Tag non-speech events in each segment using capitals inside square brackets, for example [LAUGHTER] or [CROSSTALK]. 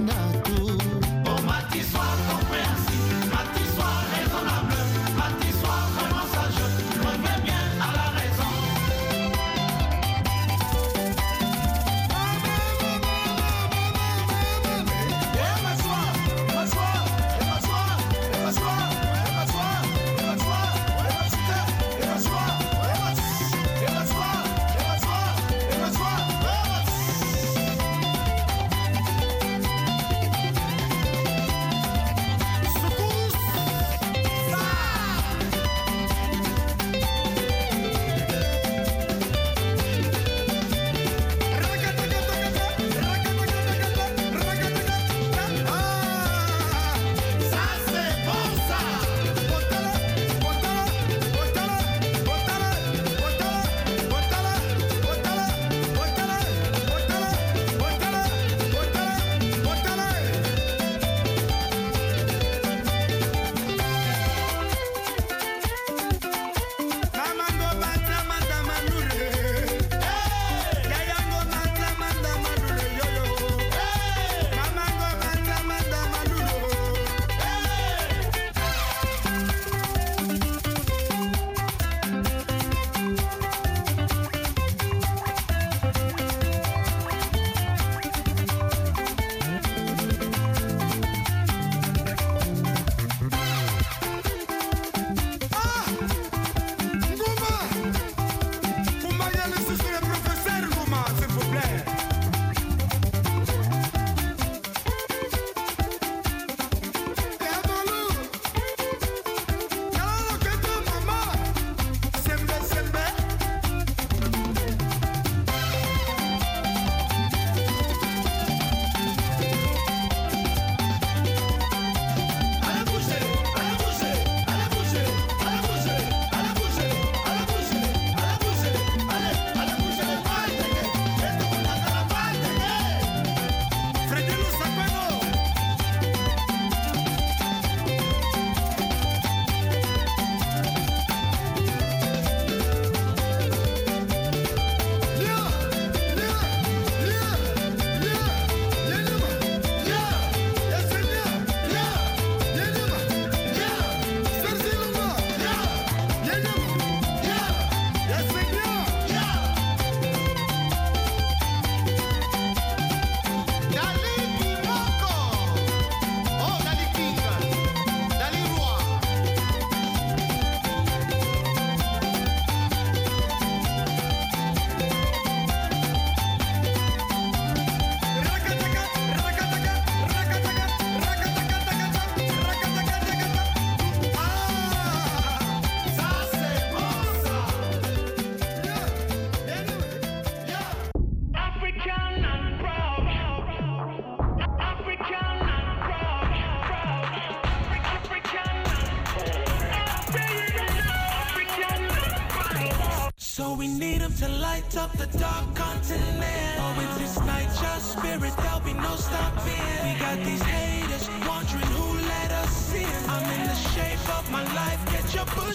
not.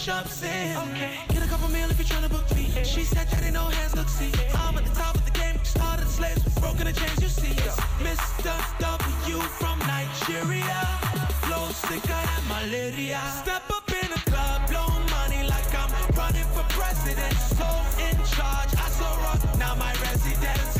push-ups Okay. Get a couple meal if you're trying to book me. Yeah. She said that ain't no hands, look, see. I'm at the top of the game, started slaves, broken the chains, you see. Yeah. Mr. W from Nigeria, flow sicker than malaria. Step up in the club, blow money like I'm running for president. So in charge, I so rock, now my residence.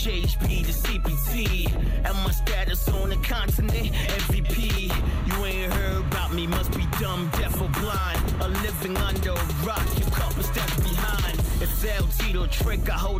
JHP to CPT. And my status on the continent, MVP. You ain't heard about me, must be dumb, deaf, or blind. A living under a rock, you couple steps behind. It's El Tito trick, I hold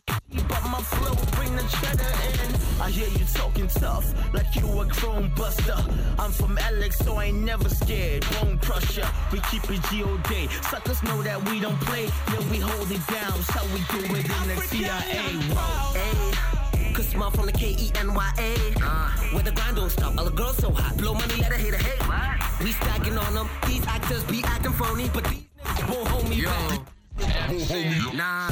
But my flow bring the cheddar in. I hear you talking tough, like you a chrome buster. I'm from Alex, so I ain't never scared. Bone crusher, we keep it G.O.D. Suckers know that we don't play, then we hold it down. So we do it in the CIA. Whoa, Cause small from the K-E-N-Y-A uh, Where the grind don't stop, all the girls so hot Blow money, let her hate her hate what? We stacking on them, these actors be acting phony But these niggas won't hold me Yo. back F- Nah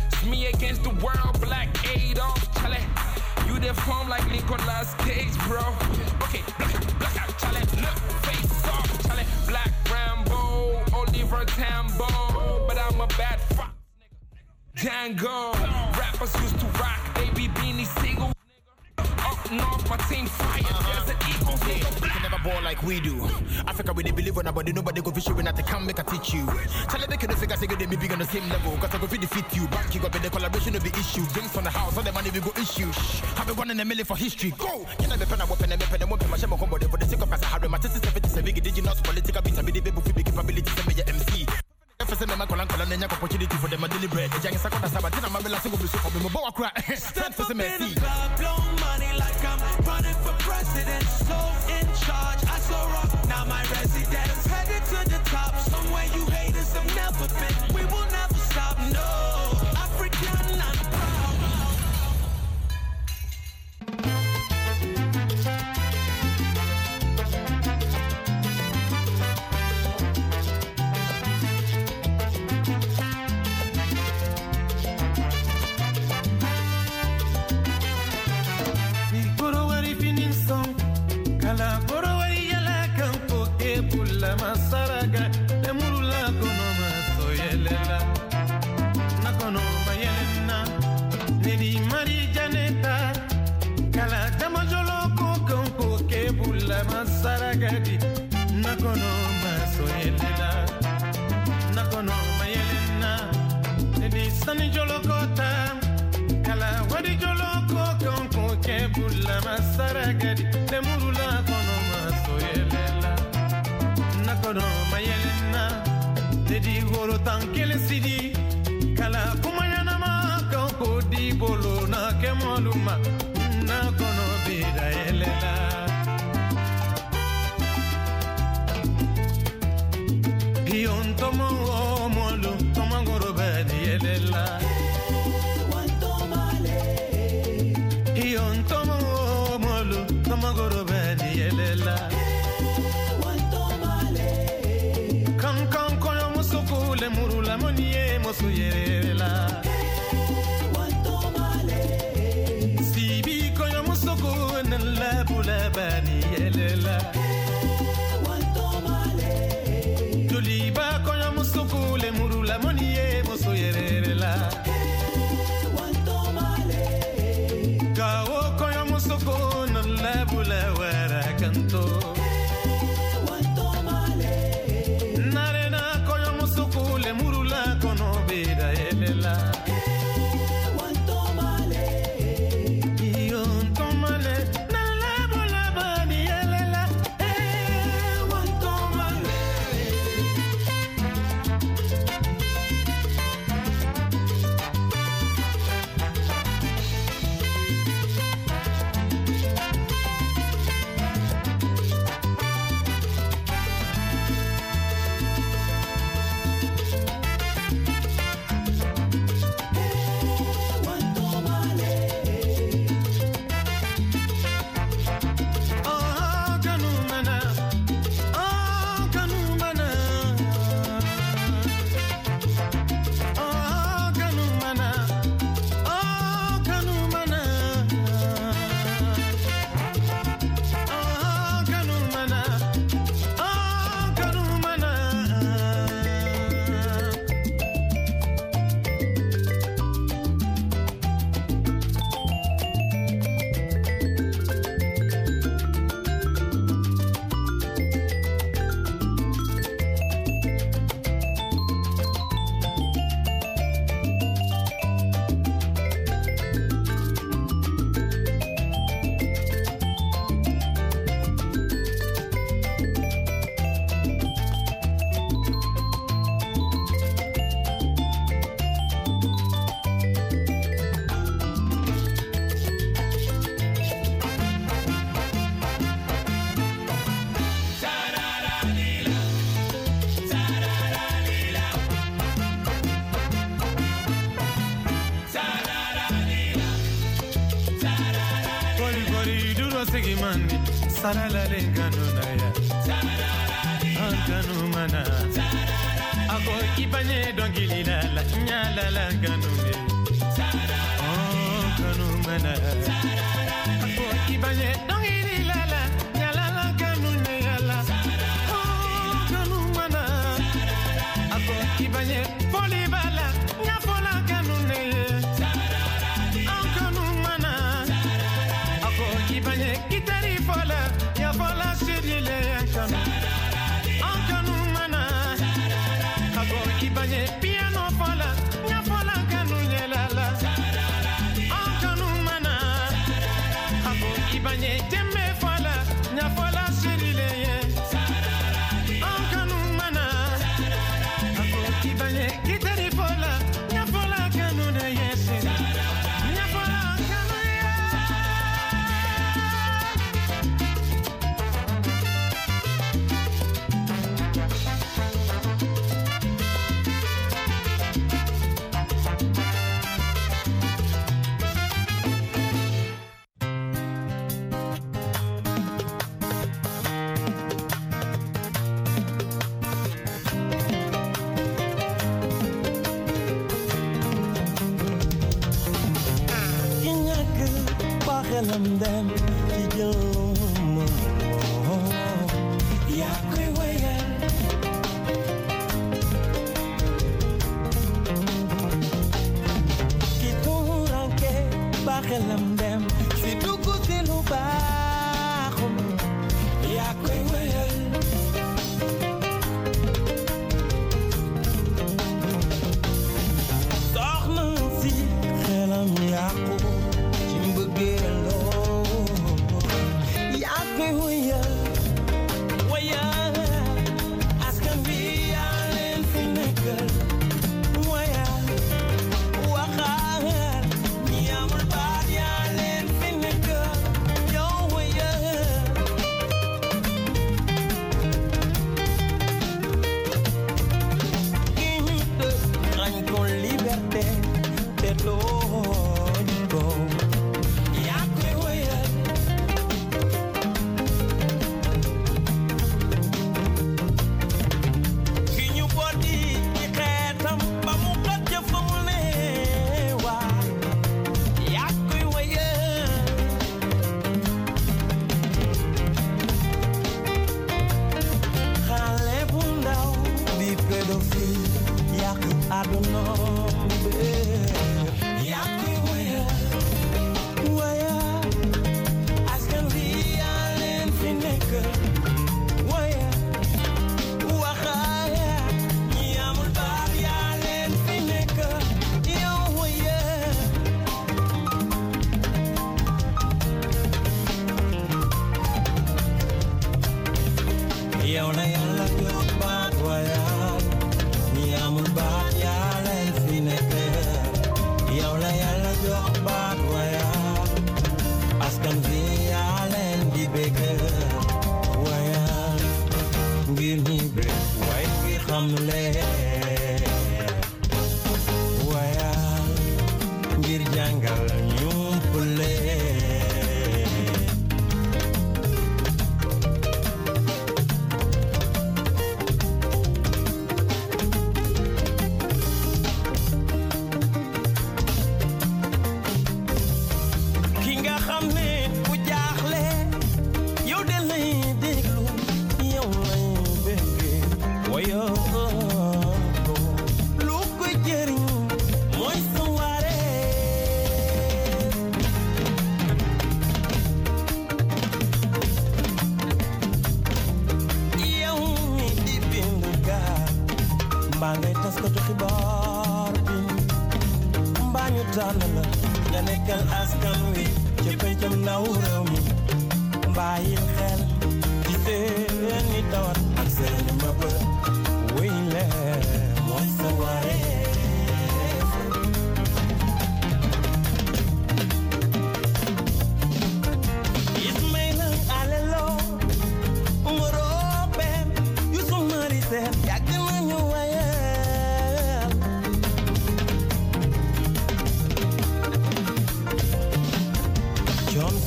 me against the world, black Adolf, chale. You deform like Nicolas Cage, bro. Okay, black, black out, chale. Look, face off, chale. Black Rambo, Oliver Tambo. But I'm a bad fuck, Django. Rappers used to rock, baby beanie single. Up north, my team fire. There's an ball like we do. Africa, we they believe on nobody, nobody go fish you when I can make a teach you. Tell them they can figure say they be big on the same level. Cause I go fit defeat you. Back you got the collaboration of be issue. Drinks on the house, all the money we go issue. Shh. Have a one in a million for history. Go! Can I be pen and weapon and weapon and weapon? My shame on combo for the sake of Pastor Harry. My sister's 77 indigenous political beats. I be the baby with capabilities. I'm your MC fese me ma saba ma bisu [LAUGHS] Step up in the club, blow money like I'm running for president. So in charge, I so rock, now my residence. Headed to the top, somewhere you haters have never been. We will never stop, no. nakono maso masoyelela nakono mayelena edisani jolokota kala wadi joloko kanko ke bulla masaragadi lemurula kono masoyelela nakono mayelena dedi woro tankele sidi kala kumayanama kanko di bolo nakemoluma amanalale ngano na ya ankanu mana akoki panye dongili lala nyalala ngano ne ankanu oh, mana חמש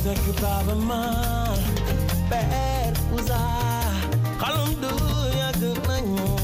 sakitavama per uza kalung dunya kenanya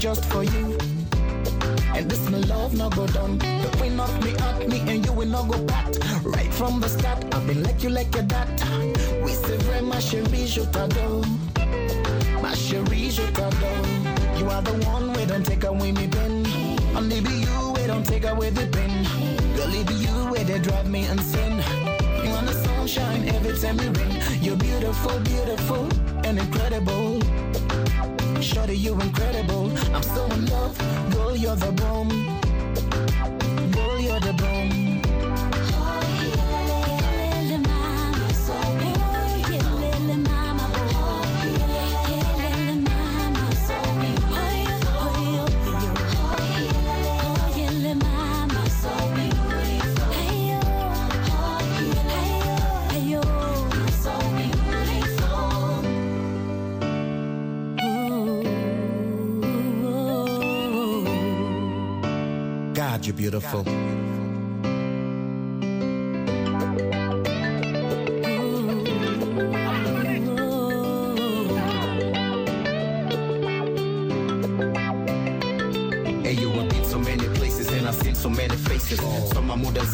just for you. And this my love no go down. The way knock me at me and you will not go back. Right from the start, I've been like you like your dad. We say vrai ma chérie, je t'adore. Ma chérie, je t'adore. You are the one we don't take away me pen. Only be you we don't take away the pen. Girl, it be you where they drive me insane. And every time we ring, you're beautiful, beautiful, and incredible. Shorty, you're incredible. I'm so in love. Girl, you're the bomb. Girl, you're the bomb. you're beautiful.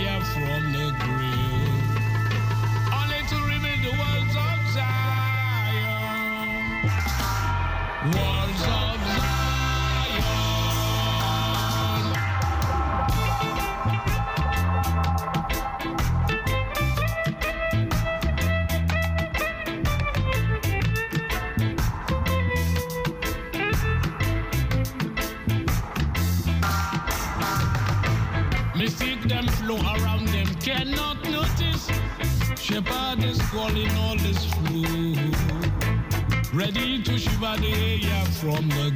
you from the grave. from the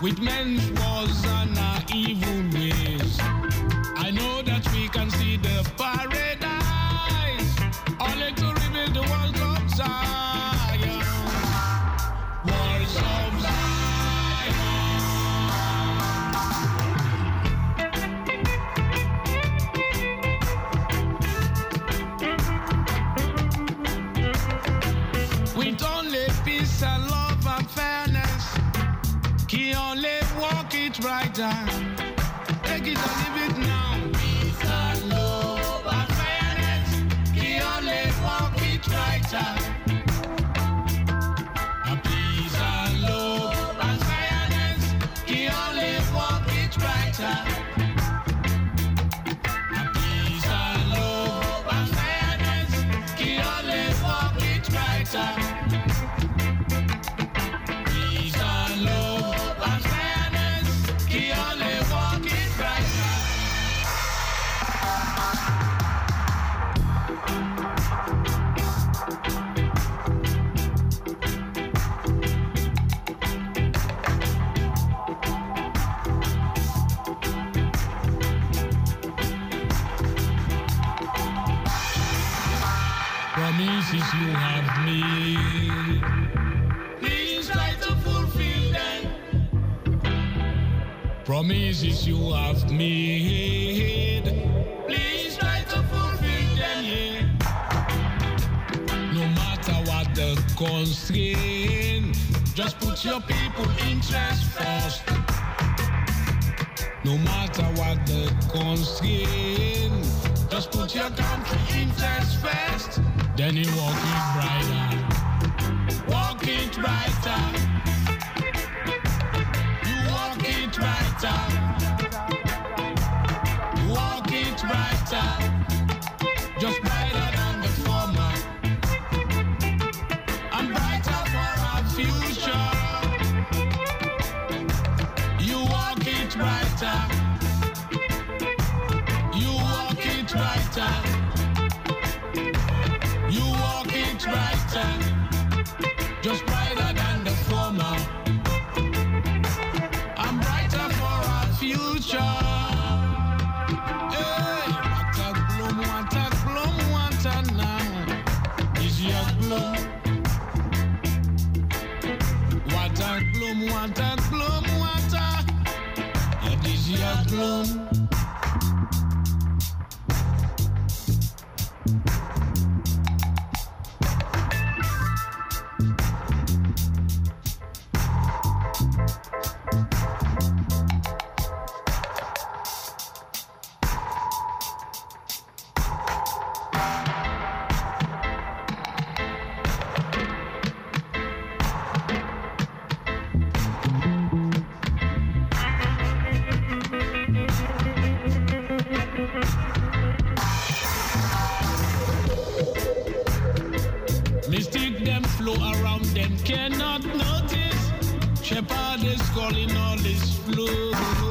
Which man was an evil promises you have made. Please try to fulfill them, No matter what the constraint, just put your people interest first. No matter what the constraint, just put your country interest first. Then you walk it brighter, walk it brighter.